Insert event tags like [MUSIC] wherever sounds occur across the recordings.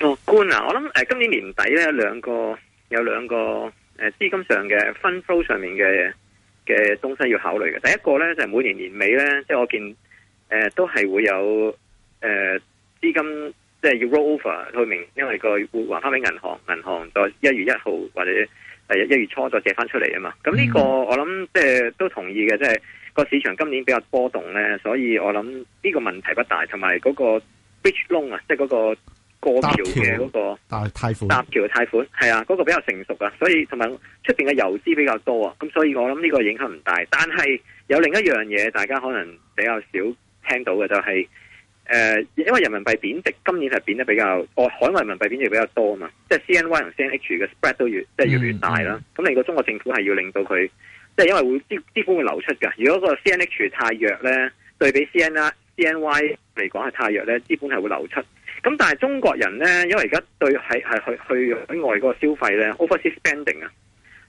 哦、觀啊，我諗誒、呃，今年年底咧有兩個，有兩個誒、呃、資金上嘅 fund flow 上面嘅嘅東西要考慮嘅。第一個咧就係、每年年尾咧，即係我見誒、呃、都係會有誒、呃、資金即係要 roll over 透明，因為個會還翻俾銀行，銀行再一月一號或者誒一月初再借翻出嚟啊嘛。咁呢、這個、嗯、我諗即係都同意嘅，即係個市場今年比較波動咧，所以我諗呢個問題不大，同埋嗰個 bridge loan 啊，即係嗰、那個。過橋嘅、那個搭橋貸款，搭橋嘅貸款係啊，嗰、那個比較成熟啊，所以同埋出邊嘅遊資比較多啊，咁所以我諗呢個影響唔大。但係有另一樣嘢，大家可能比較少聽到嘅就係、是、誒、呃，因為人民幣貶值，今年係貶得比較，我、哦、海外人民幣貶值比較多啊嘛，即、就、係、是、CNY 同 CNH 嘅 spread 都越即係、就是、越越大啦。咁嚟到中國政府係要令到佢，即、就、係、是、因為會資資本會流出嘅。如果那個 CNH 太弱咧，對比 CN CNY 嚟講係太弱咧，資本係會流出。咁但係中國人咧，因為而家對係係去去，去外國嘅消費咧 overseas spending 啊，Over、ending，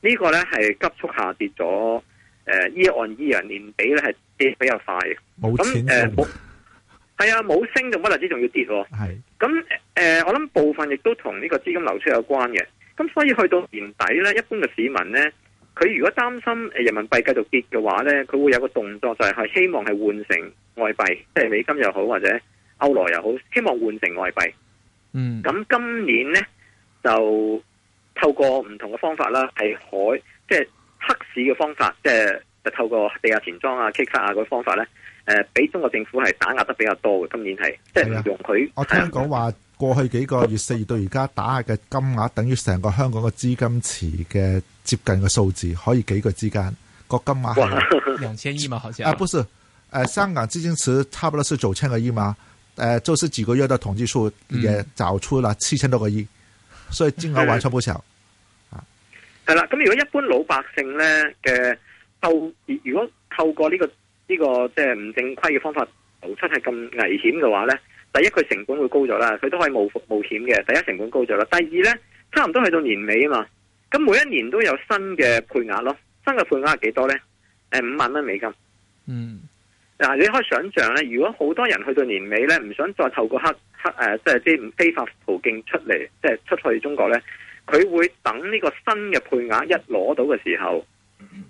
個呢個咧係急速下跌咗，誒、呃、year on year 年比咧係跌比較快嘅，冇錢嘅，係、呃、 [LAUGHS] 啊，冇升仲不單止仲要跌，係是，咁誒、呃、我諗部分亦都同呢個資金流出有關嘅，咁所以去到年底咧，一般嘅市民咧，佢如果擔心誒人民幣繼續跌嘅話咧，佢會有一個動作就係、是、係希望係換成外幣，即係美金又好或者。歐羅又好，希望換成外幣。嗯，咁今年咧就透過唔同嘅方法啦，係海即係黑市嘅方法，即係就透過地下錢莊啊、K 卡、卡啊嗰啲方法咧，誒、呃，俾中國政府係打壓得比較多嘅。今年係即係用佢，我聽講話過去幾個月四月到而家打壓嘅金額等於成個香港嘅資金池嘅接近嘅數字，可以幾個之間，個金額嘛，兩千億嘛，好 [LAUGHS] 似啊，不是誒，香、呃、港資金池差不多是做千個億嘛。誒、呃，就是幾個月的統計數也找出了七千多個億，嗯、所以正好完全不小的啊。係啦，咁如果一般老百姓咧嘅透，如果透過呢、這個呢、這個即係唔正規嘅方法流出係咁危險嘅話咧，第一佢成本會高咗啦，佢都可以冒冒險嘅。第一成本高咗啦，第二咧差唔多去到年尾啊嘛，咁每一年都有新嘅配額咯，新嘅配額係幾多咧？誒、呃，五萬蚊美金，嗯。嗱，你可以想象咧，如果好多人去到年尾咧，唔想再透過黑黑誒，即係啲非法途徑出嚟，即係出去中國咧，佢會等呢個新嘅配額一攞到嘅時候，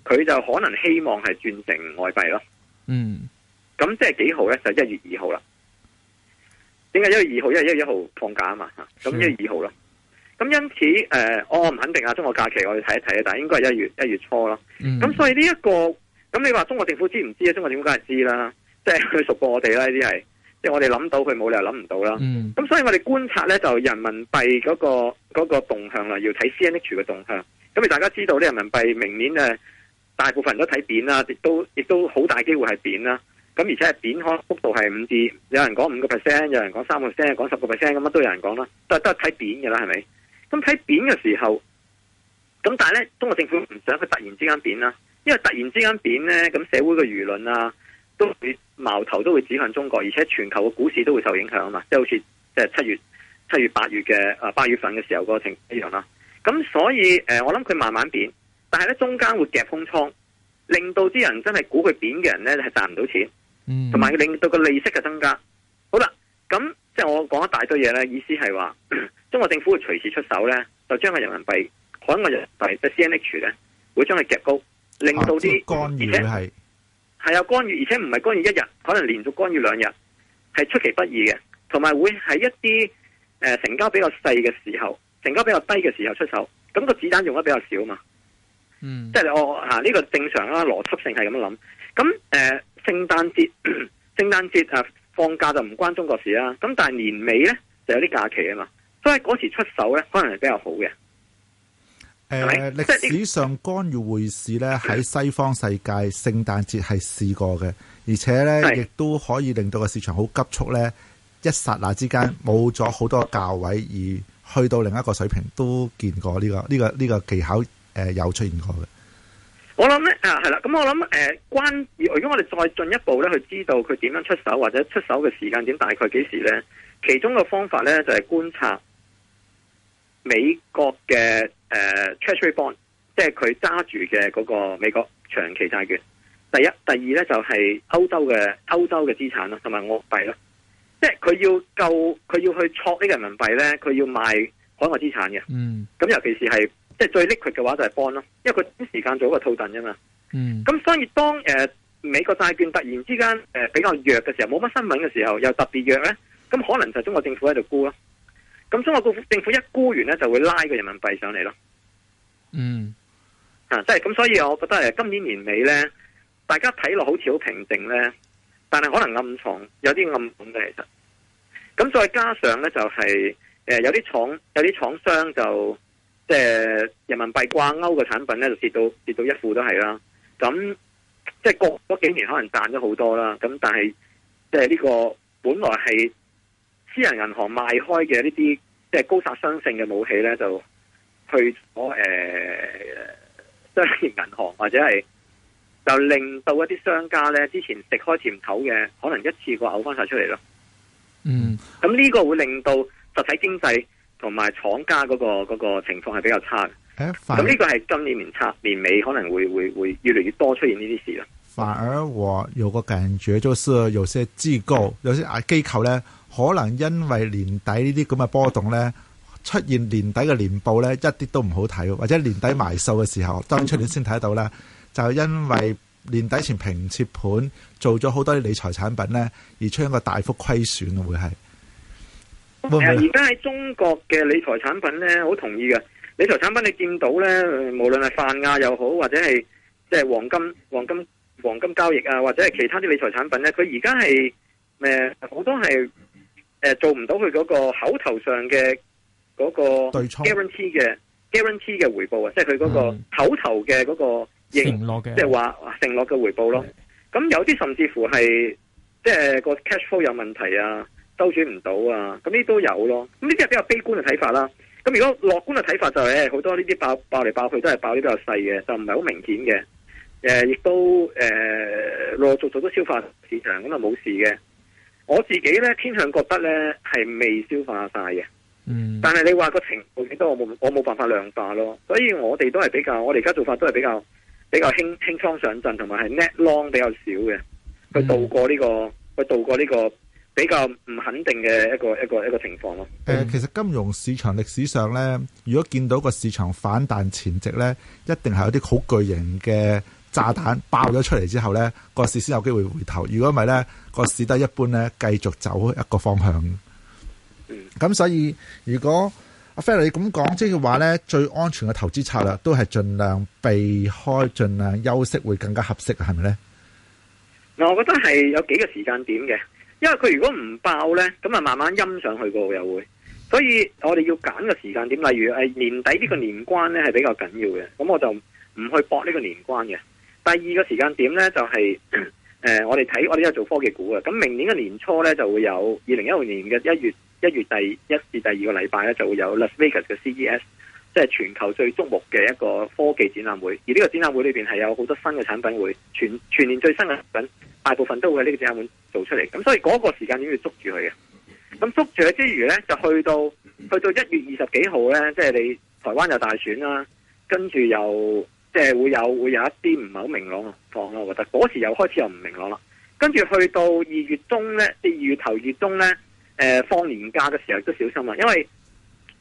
佢就可能希望係轉成外幣咯。嗯，咁即係幾號咧？就一月二號啦。點解一月二號？因為一月一號放假啊嘛嚇，咁一月二號啦。咁、嗯、因此誒、呃，我唔肯定啊，中國假期我要睇一睇啊，但係應該係一月一月初咯。咁、嗯、所以呢、這、一個。咁你話中國政府知唔知啊？中國政府梗係知啦，即係佢熟過我哋啦。呢啲係即係我哋諗到佢冇理由諗唔到啦。咁、嗯、所以我哋觀察呢，就人民幣嗰個嗰個動向啦，要睇 C N H 嘅動向。咁而大家知道咧，人民幣明年咧大部分人都睇貶啦，亦都亦都好大機會係貶啦。咁而且係貶，可能幅度係五至，有人講五個 percent，有人講三個 percent，有人講十個 percent，咁乜都有人講啦。都係都係睇貶嘅啦，係咪？咁睇貶嘅時候，咁但係呢，中國政府唔想佢突然之間貶啦。因為突然之間貶咧，咁社會嘅輿論啊，都會矛頭都會指向中國，而且全球嘅股市都會受影響啊嘛，即係好似即係七月、七月、八月嘅誒八月份嘅時候嗰個情況一樣啦。咁所以誒、呃，我諗佢慢慢貶，但係咧中間會夾空倉，令到啲人真係估佢貶嘅人咧係賺唔到錢，同埋、嗯、令到個利息嘅增加。好啦，咁即係我講一大堆嘢，咧意思係話中國政府會隨時出手咧，就將個人民幣、海外人民幣嘅 CNH 咧會將佢夾高。令到啲，啊、係係而且係係有干預，而且唔係干預一日，可能連續干預兩日，係出其不意嘅，同埋會喺一啲誒、呃、成交比較細嘅時候，成交比較低嘅時候出手，咁、個子彈用得比較少嘛。嗯，即係，即係我嚇呢個正常啦，邏輯性係咁諗。咁誒聖誕節，聖誕節啊放假就唔關中國事啦。咁但係年尾咧就有啲假期啊嘛，所以嗰時出手咧可能係比較好嘅。誒，歷、呃、史上干預匯市咧喺西方世界聖誕節係試過嘅，而且咧是亦都可以令到個市場好急速咧，一剎那之間冇咗好多教位而去到另一個水平，都見過呢、這個呢、這個呢、這個技巧誒、呃、有出現過嘅、啊。我諗咧啊，係、呃、啦，咁我諗誒關，如果我哋再進一步咧去知道佢點樣出手或者出手嘅時間點大概幾時咧，其中嘅方法咧就係、是、觀察美國嘅。誒、uh,，Treasury bond，即係佢揸住嘅嗰個美國長期債券。第一、第二咧就係歐洲嘅歐洲嘅資產啦，同埋澳幣啦。即係佢要救，佢要去拓呢個人民幣咧，佢要賣海外資產嘅。嗯，咁尤其是係即係最 liquid 嘅話就係 bond 咯，因為佢短時間做一個套戥啫嘛。嗯，咁所以當誒美國債券突然之間誒比較弱嘅時候，冇乜新聞嘅時候，又特別弱咧，咁可能就中國政府喺度沽咯。咁中國政府一沽完咧，就會拉個人民幣上嚟咯。嗯，啊，即係咁，所以我覺得誒，今年年尾咧，大家睇落好似好平靜咧，但係可能暗藏有啲暗盤嘅，其實。咁再加上咧、就是，就係誒有啲廠有啲廠商就即係人民幣掛鈎嘅產品咧，就跌到跌到一負都係啦。咁即係過嗰幾年可能賺咗好多啦。咁但係即係呢個本來係。私人銀行賣開嘅呢啲即係高殺傷性嘅武器咧，呃,就去咗誒，商業銀行或者係就令到一啲商家咧，之前食開甜頭嘅，可能一次過嘔翻晒出嚟咯。嗯，咁呢個會令到實體經濟同埋廠家嗰、嗰個、嗰個情況係比較差嘅。咁呢、欸、個係今年年差年尾可能會會會越嚟越多出現呢啲事咯。反而我有個感覺，就是有些機構有些啊機構咧。可能因為年底呢啲咁嘅波動呢，出現年底嘅年報呢，一啲都唔好睇，或者年底埋數嘅時候，當出年先睇得到啦。就因為年底前平切盤做咗好多啲理財產品呢，而出現一個大幅虧損啊，會係。而家喺中國嘅理財產品呢，好同意嘅理財產品，你見到呢，無論係泛亞又好，或者係即係黃金、黃金、黃金交易啊，或者係其他啲理財產品呢，佢而家係誒好多係。誒，做唔到佢嗰個口頭上嘅嗰個 guarantee 嘅初 guarantee 嘅回報啊，即係佢個口頭嘅嗰個承諾嘅，即係話承諾嘅回報咯。咁的有啲甚至乎係即係個 cash flow 有問題啊，周轉唔到啊，咁呢都有咯。咁呢啲係比較悲觀嘅睇法啦。咁如果樂觀嘅睇法就誒、係，好多呢啲爆爆嚟爆去都係爆啲比較細嘅，就唔係好明顯嘅。誒、呃，亦都誒，陸陸續續都消化市場咁啊，冇事嘅。我自己咧偏向覺得咧係未消化晒嘅，嗯。但係你話個情況幾多，我冇我冇辦法量化咯。所以我哋都係比較，我哋而家做法都係比較比較輕輕倉上陣，同埋係 net long 比較少嘅，去度過呢、這個、嗯、去渡過呢、這個、個比較唔肯定嘅一個一個一個情況咯。誒、嗯，其實金融市場歷史上咧，如果見到個市場反彈前夕咧，一定係有啲好巨型嘅。炸彈爆咗出嚟之後呢，個市先有機會回頭。如果唔係呢，個市得一般呢，繼續走一個方向。咁、嗯、所以，如果阿 Fred、啊、你咁講，即係話呢，最安全嘅投資策略都係盡量避開，盡量休息會更加合適，係咪呢？嗱，我覺得係有幾個時間點嘅，因為佢如果唔爆呢，咁啊慢慢陰上去個又會。所以我哋要揀個時間點，例如誒年底呢個年關呢，係比較緊要嘅，咁我就唔去搏呢個年關嘅。第二個時間點呢，就係、是、誒、呃，我哋睇我哋又做科技股嘅。咁明年嘅年初呢，就會有二零一六年嘅一月一月第一至第二個禮拜呢，就會有 Las Vegas 嘅 CES，即係全球最矚目嘅一個科技展覽會。而呢個展覽會裏邊係有好多新嘅產品會，會全全年最新嘅產品大部分都會喺呢個展覽會做出嚟。咁所以嗰個時間點要捉住佢嘅。咁捉住佢之餘呢，就去到去到一月二十幾號呢，即、就、係、是、你台灣有大選啦、啊，跟住又。即係會有會有一啲唔係好明朗放咯，我覺得嗰時又開始又唔明朗啦。跟住去到二月中呢，即係二月頭月中呢，誒、呃、放年假嘅時候也都小心啊，因為誒、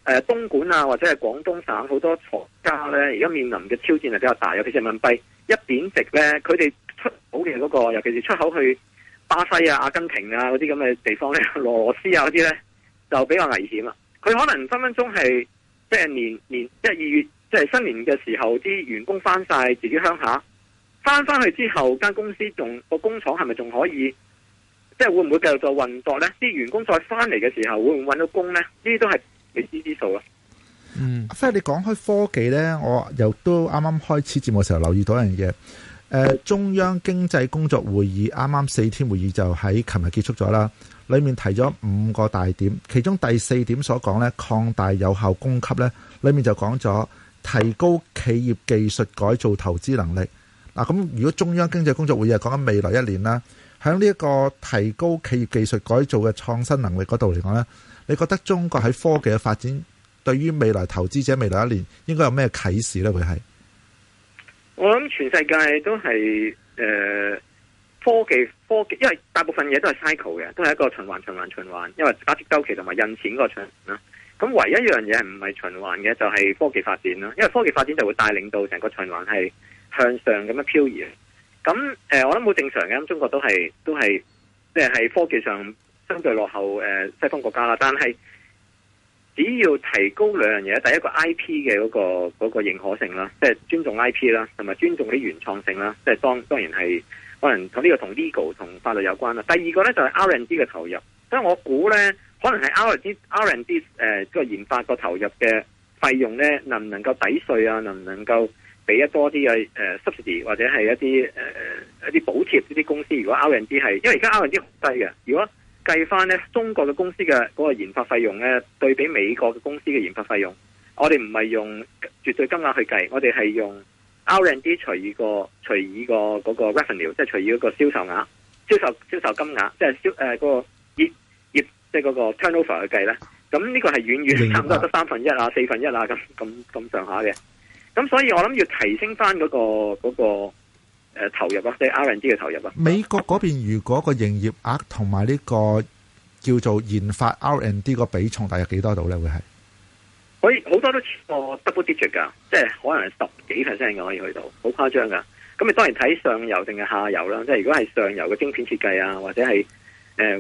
呃、東莞啊或者係廣東省好多廠家呢，而家面臨嘅挑戰係比較大，尤其係人民幣一貶值呢，佢哋出好嘅嗰個，尤其是出口去巴西啊、阿根廷啊嗰啲咁嘅地方呢，俄羅斯啊嗰啲呢，就比較危險啦。佢可能分分鐘係即係年年即係二月。即係新年嘅時候，啲員工翻晒自己鄉下，翻翻去之後，間公司仲，個工廠係咪仲可以？即係會唔會繼續運作呢？啲員工再翻嚟嘅時候，會唔會揾到工呢？呢啲都係未知之數啊。嗯，阿 Fred，你講開科技呢，我又都啱啱開始節目嘅時候留意到一樣嘢。誒、呃，中央經濟工作會議啱啱四天會議就喺琴日結束咗啦。裏面提咗五個大點，其中第四點所講呢，擴大有效供給呢，裏面就講咗。提高企業技術改造投資能力。嗱，咁如果中央經濟工作會議講緊未來一年啦，喺呢一個提高企業技術改造嘅創新能力嗰度嚟講呢，你覺得中國喺科技嘅發展對於未來投資者未來一年應該有咩啟示呢？會係我諗全世界都係誒、呃、科技科技，因為大部分嘢都係 cycle 嘅，都係一個循環循環循環，因為加息周期同埋印錢嗰個循環啦。咁唯一一樣嘢係唔係循環嘅，就係科技發展啦。因為科技發展就會帶領到成個循環係向上咁樣漂移。咁誒，我諗冇正常嘅，中國都係都係，即係喺科技上相對落後誒西方國家啦。但係只要提高兩樣嘢，第一個 I P 嘅嗰個嗰個認可性啦，即係尊重 I P 啦，同埋尊重啲原創性啦。即係當當然係可能同呢個同 legal 同法律有關啦。第二個呢，就係 R and D 嘅投入。所以我估呢。可能係 R&D、R&D 誒，即係、呃、研發個投入嘅費用咧，能唔能夠抵稅啊？能唔能夠俾得多啲嘅誒 subsidy 或者係一啲誒、呃、一啲補貼？呢啲公司如果 R&D 係，因為而家 R&D 好低嘅。如果計翻咧，中國嘅公司嘅嗰個研發費用咧，對比美國嘅公司嘅研發費用，我哋唔係用絕對金額去計，我哋係用 R&D 除以個除以個嗰個 revenue，即係除以個銷售額、銷售銷售金額，即係銷誒嗰個。即係嗰個 turnover 去計咧，咁呢個係遠遠差唔多得三分一啊、四分一啊咁咁咁上下嘅。咁所以我諗要提升翻、那、嗰個嗰、那個、投入啊，即、就、係、是、R&D 嘅投入啊。美國嗰邊如果個營業額同埋呢個叫做研發 R&D 個比重大約幾多度咧？會係可以好多都超過 double digit 㗎，即係可能係十幾 percent 嘅可以去到，好誇張㗎。咁你當然睇上游定係下游啦，即係如果係上游嘅晶片設計啊，或者係誒。呃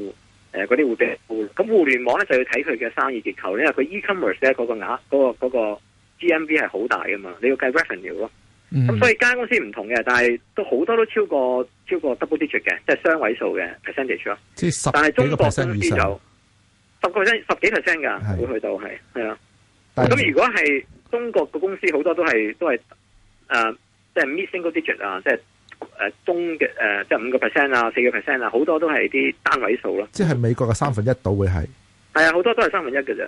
誒，啲互俾咁互聯網咧，就要睇佢嘅生意結構，因為佢 e-commerce 咧嗰個額嗰、嗰個 GMV 係好大嘅嘛，你要計 revenue 咯。咁、嗯、所以間公司唔同嘅，但係都好多都超過超過 double digit 嘅，即、就、係、是、雙位數嘅 percentage 咯。是但係中國公司就十個 percent 十幾 percent 噶，會去到係係啊。咁的的如果係中國嘅公司，好多都係都係誒，即係 missing 嗰 digit 啊，即係。誒、呃，中嘅誒、呃，即係五個 percent 啊，四個 percent 啊，好多都係啲單位數咯。即係美國嘅三分一到會係，係啊，好多都係三分一嘅啫。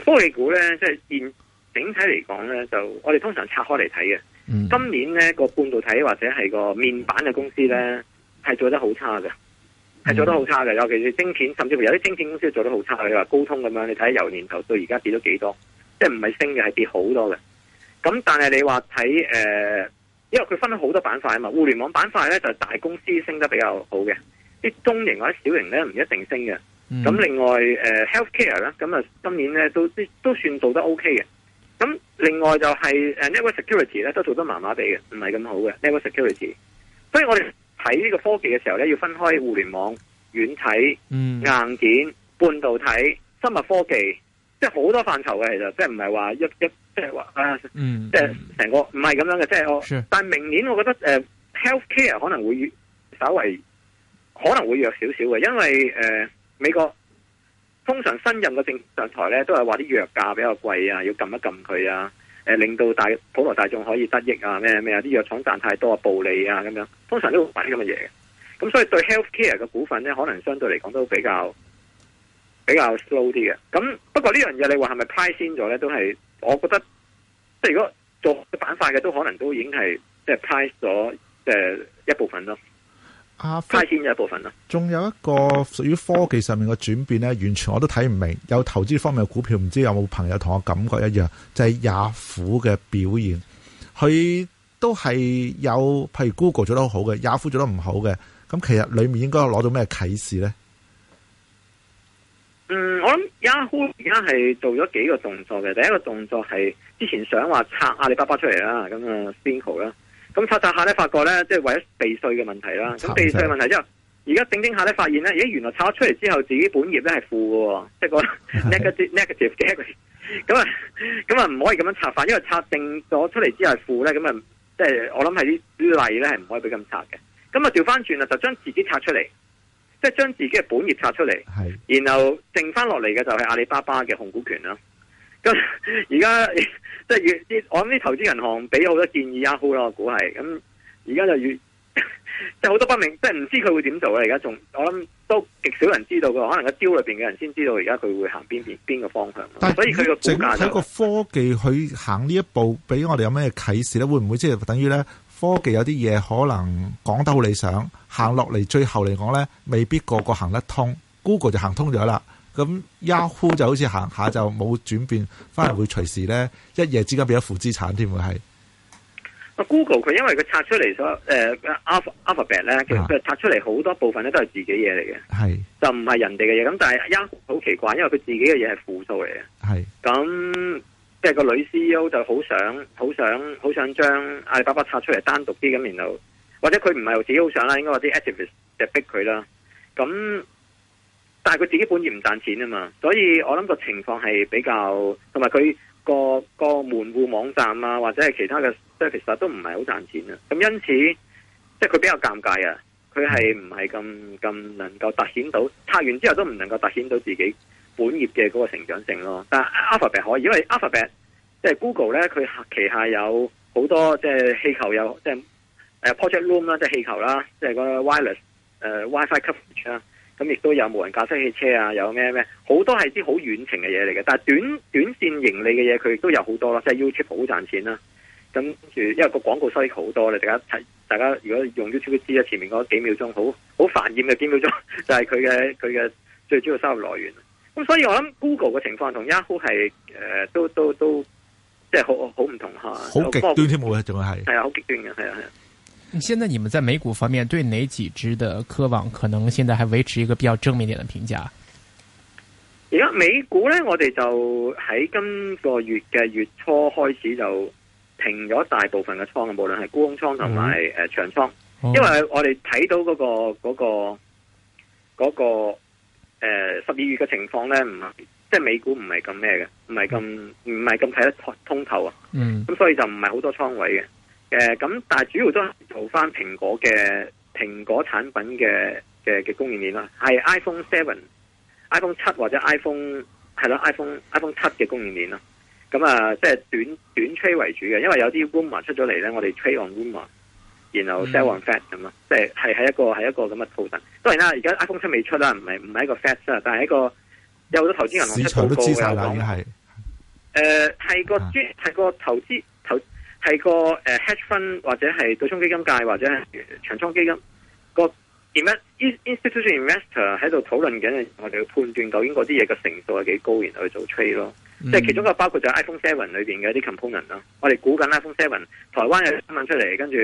科技股咧，即係現整體嚟講咧，就我哋通常拆開嚟睇嘅。嗯、今年咧個半導體或者係個面板嘅公司咧，係做得好差嘅，係、嗯、做得好差嘅。尤其是晶片，甚至乎有啲晶片公司做得好差，你話高通咁樣，你睇由年頭到而家跌咗幾多，即係唔係升嘅，係跌好多嘅。咁但係你話睇誒，因為佢分咗好多板塊啊嘛，互聯網板塊咧就係、大公司升得比較好嘅，啲中型或者小型咧唔一定升嘅。咁、嗯、另外誒 healthcare 咧，咁、呃、啊今年咧都都算做得 OK 嘅。咁另外就係誒 network security 咧都做得麻麻地嘅，唔係咁好嘅 network security。所以我哋睇呢個科技嘅時候咧，要分開互聯網、軟體、嗯、硬件、半導體、生物科技，即係好多範疇嘅其實，即係唔係話一一即係話啊，嗯、即係成個唔係咁樣嘅，即係我。Sure. 但係明年我覺得誒、呃、healthcare 可能會稍微，可能會弱少少嘅，因為誒。呃美國通常新任嘅政府上台咧，都係話啲藥價比較貴啊，要撳一撳佢啊，誒，令到大普羅大眾可以得益啊，咩咩啊，啲藥廠賺太多啊，暴利啊，咁樣，通常都會買啲咁嘅嘢嘅。咁所以對 health care 嘅股份咧，可能相對嚟講都比較比較 slow 啲嘅。咁不過這件事是不是呢樣嘢，你話係咪 price in 咗咧，都係我覺得，即係如果做板塊嘅，都可能都已經係即係 price 咗，即係一部分咯。差遷一部分咯，仲有一個屬於科技上面嘅轉變咧，完全我都睇唔明。有投資方面嘅股票，唔知有冇朋友同我感覺一樣，就係雅虎嘅表現，佢都係有，譬如 Google 做得好嘅，雅虎做得唔好嘅。咁其實裡面應該攞到咩啟示咧？嗯，我諗 Yahoo 而家係做咗幾個動作嘅，第一個動作係之前想話拆阿里巴巴出嚟啦，咁啊 spin off 啦。咁拆拆下咧，發覺咧，即係為咗避稅嘅問題啦。咁避稅嘅問題之後，而家正正下咧，發現咧，而家原來拆咗出嚟之後，自己本業咧係負喎，即係個 negative negative 嘅咁啊，咁啊的，唔 [LAUGHS] 可以咁樣拆法，因為拆定咗出嚟之後係負咧，咁啊，即係我諗係啲例咧係唔可以俾咁拆嘅。咁啊，調翻轉啦，就將自己拆出嚟，即係將自己嘅本業拆出嚟。係的。然後剩翻落嚟嘅就係阿里巴巴嘅控股權啦。咁而家即係越啲，我諗啲投資銀行俾好多建議 Yahoo 啦，我估係咁。而家就越即係好多不明，即係唔知佢會點做啊！而家仲我諗都極少人知道佢可能一丟裏邊嘅人先知道。而家佢會行邊邊邊個方向？但係是所以佢個股價，就是，個科技，佢行呢一步，俾我哋有咩啟示咧？會唔會即係，就是，等於咧？科技有啲嘢，可能講得好理想，行落嚟，最後嚟講咧，未必個個行得通。Google 就行通咗啦。咁 Yahoo 就好似行下就冇轉變，反而會隨時咧一夜之間變咗負資產添喎，係。啊，Google 佢因為佢拆出嚟所誒 Alphabet 咧，其實佢、呃、拆出嚟好多部分咧都係自己嘢嚟嘅，是就唔係人哋嘅嘢。咁但係 Yahoo 好奇怪，因為佢自己嘅嘢係負數嚟嘅，咁是即係個女 CEO 就好想、好想、好想將阿里巴巴拆出嚟單獨啲咁，然後或者佢唔係自己好想啦，應該話啲 activist 就逼佢啦，咁。但係佢自己本業唔賺錢啊嘛，所以我諗個情況係比較同埋佢個個門戶網站啊，或者係其他嘅 service、啊、都唔係好賺錢啊。咁因此，即係佢比較尷尬啊。佢係唔係咁咁能夠突顯到拆完之後都唔能夠突顯到自己本業嘅嗰個成長性咯。但係 Alphabet 可以，因為 Alphabet 即係 Google 咧，佢旗下有好多即係、就是、氣球有即係、就是 uh, project room 啦，即係氣球啦，即、就、係、是、個 wireless、uh, wifi coverage 啦。咁亦都有無人駕駛汽車啊，有咩咩，好多係啲好遠程嘅嘢嚟嘅。但係短短線盈利嘅嘢，佢亦都有好多咯，即係 YouTube 好賺錢啦。咁跟住因為個廣告收益好多咧，大家睇大家如果用 YouTube 知啊，前面嗰幾秒鐘好好煩厭嘅幾秒鐘，就係佢嘅佢嘅最主要收入來源。咁所以我諗 Google 嘅情況同 Yahoo 係誒、呃，都都都都即係好好唔同吓，好極端添，冇啊，仲係係啊，好極端嘅，係啊係啊。現在你們在美股方面對哪幾支的科網可能現在還維持一個比較正面點的評價？而家美股呢，我哋就喺今個月嘅月初開始就平咗大部分嘅倉，無論係沽空倉同埋誒長倉，嗯、因為我哋睇到嗰、那個嗰、那個嗰、那個誒十二月嘅情況呢，唔即係美股唔係咁咩嘅，唔係咁唔係咁睇得通通透啊，咁、嗯、所以就唔係好多倉位嘅。誒，咁、嗯、但係主要都係做翻蘋果嘅蘋果產品嘅嘅嘅供應鏈啦，係 iPhone Seven、iPhone 七或者 iPhone 係啦 iPhone iPhone 七嘅供應鏈啦。咁、嗯、啊，即係短短 trade 為主嘅，因為有啲 rumour 出咗嚟咧，我哋 trade on rumour 然後 sell on fat 咁啊、嗯，即係係一個係一個咁嘅套陣。當然啦，而家 iPhone 七未出啦，唔係唔係一個 fat 啦，但係一個有好多投資銀行出報告嘅講係誒，係、呃、個專係個投資、啊、投資。係個誒、呃、hedge fund 或者係對沖基金界或者是長倉基金個 institution investor 喺度討論緊，我哋要判斷究竟嗰啲嘢嘅成數係幾高，然後去做 trade 咯。即係、嗯、其中一個包括就係 iPhone Seven 裏邊嘅一啲 component 啦。我哋估緊 iPhone Seven。台灣有啲新聞出嚟，跟住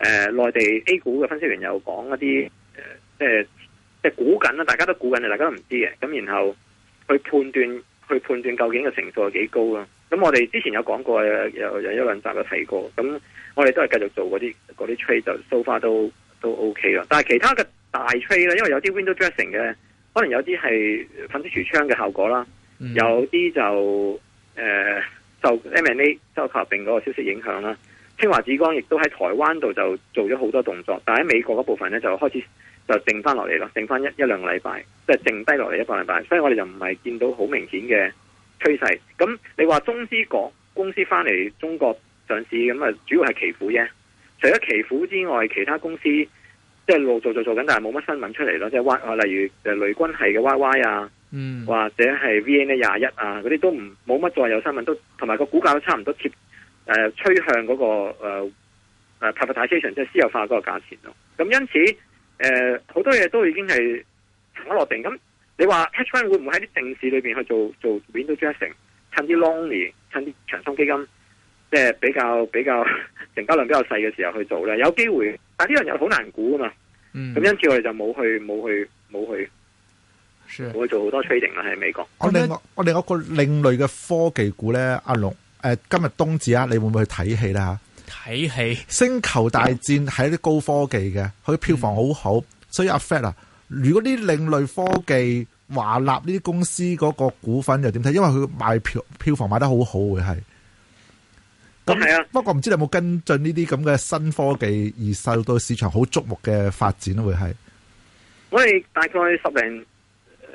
誒內地 A 股嘅分析員又講一啲誒，即係即係估緊啦。大家都估緊，大家都唔知嘅。咁然後去判斷，去判斷究竟嘅成數係幾高咯咁我哋之前有講過，有有一兩集都睇過。咁我哋都係繼續做嗰啲嗰啲 trade 就 so far 都都 OK 啦。但係其他嘅大 trade 啦，因為有啲 window dressing 嘅，可能有啲係粉飾櫥窗嘅效果啦，嗯、有啲就誒就 M&A 收購合併嗰個消息影響啦。清華紫光亦都喺台灣度就做咗好多動作，但喺美國嗰部分咧就開始就剩翻落嚟咯，剩翻一一兩個禮拜，即係剩低落嚟一個禮拜。所以我哋就唔係見到好明顯嘅。趨勢咁，你話中資國公司翻嚟中國上市咁啊，主要係奇虎啫。除咗奇虎之外，其他公司即係陸續做做做緊，但係冇乜新聞出嚟咯。即係例如誒雷軍係嘅 YY 啊，嗯、或者係 VN 一廿一啊，嗰啲都唔冇乜再有新聞，都同埋個股價都差唔多貼誒，趨、呃、向嗰、那個誒誒、呃、privatization 即係私有化嗰個價錢咯。咁因此誒，好、呃、多嘢都已經係塵埃落定咁。你話 TechOne 會唔會喺啲城市裏邊去做做 window dressing，趁啲 lonely 趁啲長生基金，即係比較比較成交量比較細嘅時候去做咧？有機會，但係呢樣嘢好難估噶嘛。咁、嗯、因此我哋就冇去冇去冇去，冇去，去，去，Sure. 去做好多 trading 喺美國。我另外我另外一個另類嘅科技股咧，阿龍，誒、呃，今日冬至啊，你會唔會去睇戲咧？睇戲戲，星球大戰係一啲高科技嘅，佢、嗯、票房好好，所以阿。Fat 啊。如果啲另類科技華立呢啲公司嗰個股份又點睇？因為佢賣票，票房賣得好好，會係咁係啊。不過唔知你有冇跟進呢啲咁嘅新科技而受到市場好矚目嘅發展咯？會係我哋大概十零誒、幾、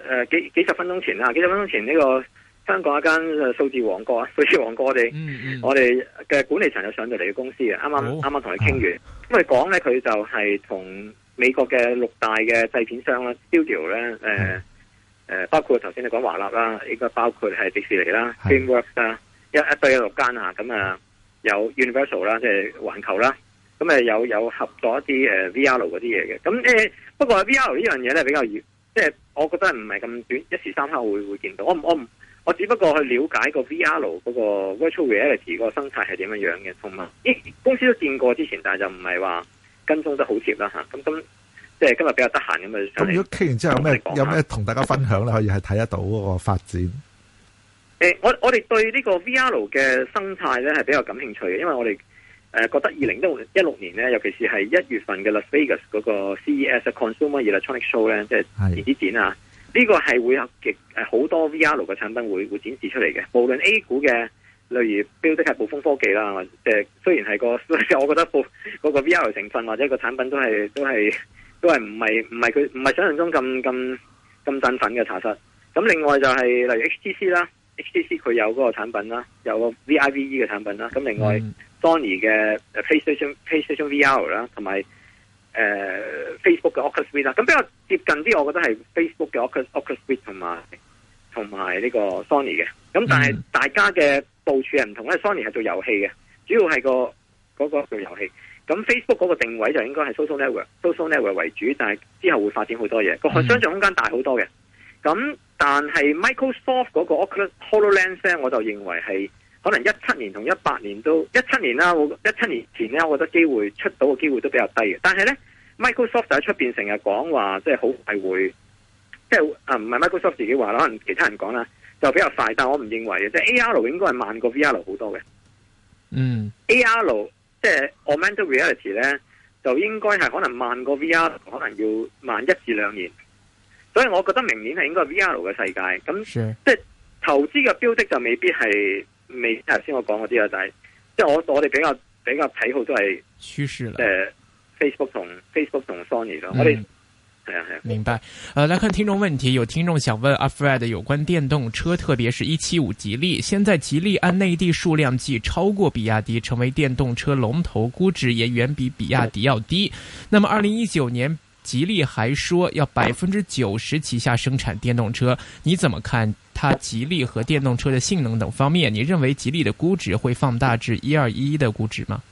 呃、幾十分鐘前啦，幾十分鐘前呢個香港一間數字王國，啊，數字王國我哋。嗯嗯、我哋我哋嘅管理層就上到嚟嘅公司啊，啱啱啱啱同佢傾完，咁佢講咧，佢就係同。美國嘅六大嘅製片商啦，studio 咧，呃，誒、呃、誒，包括頭先你講華納啦，應該包括係迪士尼啦，DreamWorks 是的 啦，一對一對有六間啊。咁啊有 Universal 啦，即係環球啦，咁啊有有合作一啲誒、呃、VR 嗰啲嘢嘅，咁誒、呃、不過 VR 這樣呢樣嘢咧比較遠，即係我覺得唔係咁短，一時三刻會會見到，我我唔我只不過去了解個 VR 嗰個 Virtual Reality 個生態係點樣樣嘅，同埋啲公司都見過之前，但係就唔係話。跟蹤得好貼啦嚇，咁咁即係今日比較得閒咁啊，咁如果傾完之後咩有咩同大家分享咧，可以係睇得到個發展。誒，我我哋對呢個 VR 嘅生態咧係比較感興趣嘅，因為我哋誒覺得二零一六年咧，尤其是係一月份嘅 Las Vegas 嗰個 CES [LAUGHS] Consumer Electronics Show 咧，即係電子展啊，呢個係會有極誒好多 VR 嘅產品會會展示出嚟嘅，無論 A 股嘅。例如標的係暴風科技啦，誒雖然係個，我覺得暴嗰個 VR 成分或者個產品都係都係都係唔係唔係佢唔係想象中咁咁咁振奮嘅查實。咁 [NOISE] 另外就係、是、例如 HTC 啦 [NOISE] ，HTC 佢有嗰個產品啦，有個 VIVE 嘅產品啦。咁另外 Sony 嘅 PlayStation PlayStation VR 啦，同埋誒 Facebook 嘅 Oculus Rift 啦。咁比較接近啲，我覺得係 Facebook 嘅 Oculus Oculus Rift 同埋同埋呢個 Sony 嘅。咁但係大家嘅。部署人唔同，因為 Sony 係做遊戲嘅，主要係個嗰、個做遊戲。咁 Facebook 嗰個定位就應該係 social network、social network 為主，但係之後會發展好多嘢，相多個想象空間大好多嘅。咁但係 Microsoft 嗰個 Oculus HoloLens 我就認為係可能一七年同一八年都一七年啦，一七年前呢，我覺得機會出到嘅機會都比較低嘅。但係呢 Microsoft 就喺出邊成日講話，即係好係會，即係啊唔係 Microsoft 自己話可能其他人講啦。就比較快，但係我唔認為嘅，即係 A R 應該係慢過 V R 好多嘅。嗯，A R 即係 Augmented Reality 咧，就應該係可能慢過 V R，可能要慢一至兩年。所以我覺得明年係應該 V R 嘅世界。咁是即係投資嘅標的就未必係，未頭先我講嗰啲啊，就係即係我我哋比較比較睇好都係趨勢嘅 Facebook 同 Facebook 同 Sony 咯，嗯、我哋。明白，呃，來看聽眾問題，有聽眾想問阿、啊、Fred 有關電動車，特別是一七五吉利。現在吉利按內地數量計超過比亞迪，成為電動車龍頭，估值也遠比比亞迪要低。那麼二零一九年，吉利還說要百分之九十旗下生產電動車，你怎麼看它吉利和電動車的性能等方面？你認為吉利的估值會放大至一二一一的估值嗎？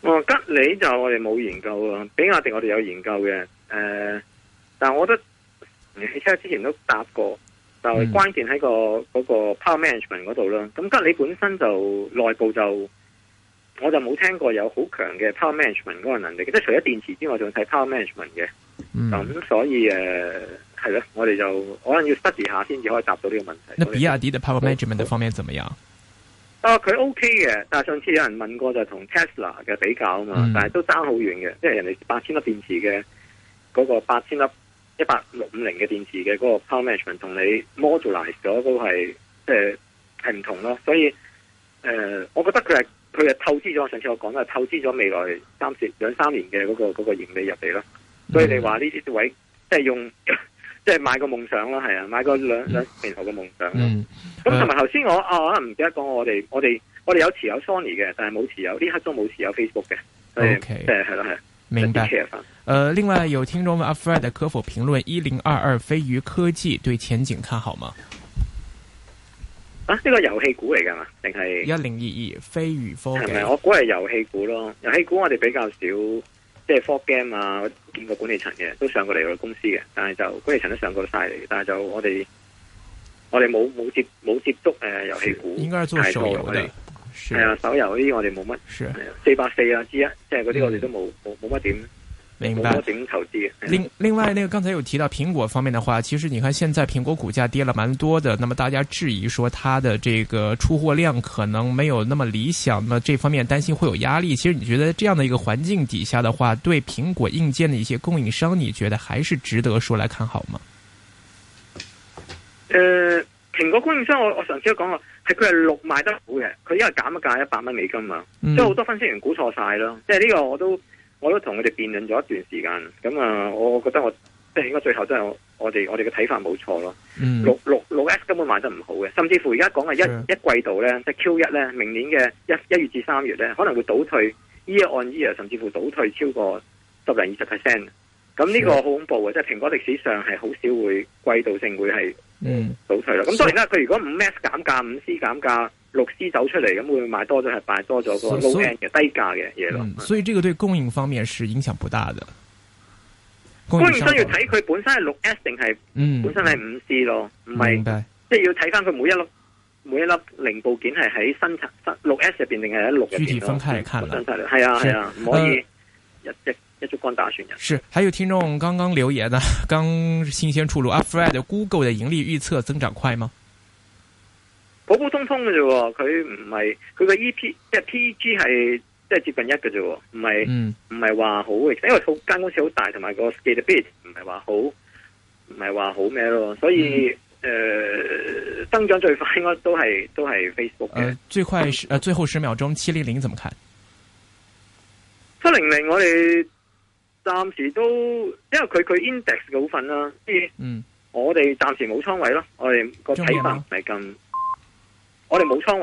哦，吉利就我哋冇研究啊，比亞迪我哋有研究嘅。誒、呃，但係我覺得汽車之前都答過，就關鍵喺、那個、嗯、那個 power management 嗰度啦。咁吉利本身就內部就，我就冇聽過有好強嘅 power management 嗰個能力，即係除咗電池之外，仲要睇 power management 嘅。咁、嗯、所以誒係咯，我哋就可能要 study 下先至可以答到呢個問題。那比亞迪嘅 power management 以、哦、方面怎麼樣？啊，佢 OK 嘅，但係上次有人問過就同 Tesla 嘅比較啊嘛，嗯、但係都爭好遠嘅，即係人哋八千粒電池嘅。嗰個八千粒一八六五零嘅電池嘅嗰個 power management 你了都是、呃、是不同你 modularize 咗都係即係係唔同咯，所以誒、呃，我覺得佢係佢係透支咗，上次我講啦，透支咗未來三至兩三年嘅嗰、那個那個盈利入嚟咯。所以你話呢啲位即係、就是、用即係 [LAUGHS] 買個夢想咯，係啊，買個兩兩、嗯、年後嘅夢想啦。咁同埋頭先我啊唔記得講，我哋我哋我哋有持有 Sony 嘅，但係冇持有呢刻都冇持有 Facebook 嘅。O K，誒係咯係。Okay. 呃明白、呃。另外有聽眾問阿 Fred 可否評論一零二二飛魚科技對前景看好嗎？啊，呢、這個遊戲股嚟噶嘛？定係一零二二飛魚科技？係咪？我估係遊戲股咯。遊戲股我哋比較少，即係 Forgame 啊，見過管理層嘅都上過嚟我哋公司嘅，但係就管理層都上過晒嚟，但係就我哋我哋冇冇接冇接觸誒、呃、遊戲股，應該係做手遊嘅。係啊，手遊嗰啲我哋冇乜四百四啊，之啊，即係嗰啲我哋都冇冇冇乜點，冇乜點投資。另另外，呢個剛才有提到蘋果方面的話，其實你看現在蘋果股價跌了蠻多的，那麼大家質疑說它的這個出貨量可能沒有那麼理想，那麼這方面擔心會有壓力。其實你覺得這樣的一個環境底下的話，對蘋果硬件的一些供應商，你覺得還是值得說來看好嗎？誒、呃，蘋果供應商我，我我上次都講過。係佢係六賣得好嘅，佢因為減咗價一百蚊美金嘛，即係好多分析員估錯晒咯。即係呢個我都我都同佢哋辯論咗一段時間，咁啊，我我覺得我即係應該最後都係我我哋我哋嘅睇法冇錯咯。六六六 S 根本賣得唔好嘅，甚至乎而家講係一、嗯、一季度咧，即係 Q 一咧，明年嘅一一月至三月咧，可能會倒退，year on year 甚至乎倒退超過十零二十 percent。咁呢個好恐怖嘅，即係蘋果歷史上係好少會季度性會係嗯倒退咯。咁當然啦，佢如果五 S 減價，五 C 減價，六 C 走出嚟，咁會買多咗，係賣多咗個好平嘅低價嘅嘢咯。所以呢個對供應方面係影響唔大嘅。供應商要睇佢本身係六 S 定係本身係五 C 咯，唔係即係要睇翻佢每一粒每一粒零部件係喺生產六 S 入邊定係喺六具體分開嚟看。係啊係啊，唔可以一直一足逛打算嘅，是還有聽眾剛剛留言呢，剛新鮮出爐。a、啊、Fred Google 嘅盈利預測增長快嗎？普普通通嘅啫，佢唔係佢個 E P 即係 P G 係即係接近一嘅啫，唔係唔係話好嘅，因為好間公司好大，同埋個 Scale bit 唔係話好，唔係話好咩咯，所以誒、嗯呃、增長最快應該都係都係 Facebook 嘅、呃、最快十誒、呃、最後十秒鐘七零零怎麼看？七零零我哋。暫時都，因為佢佢 index 嘅股份啦，所以，嗯，我哋暫時冇倉位咯，我哋個睇法唔係咁，我哋冇倉位。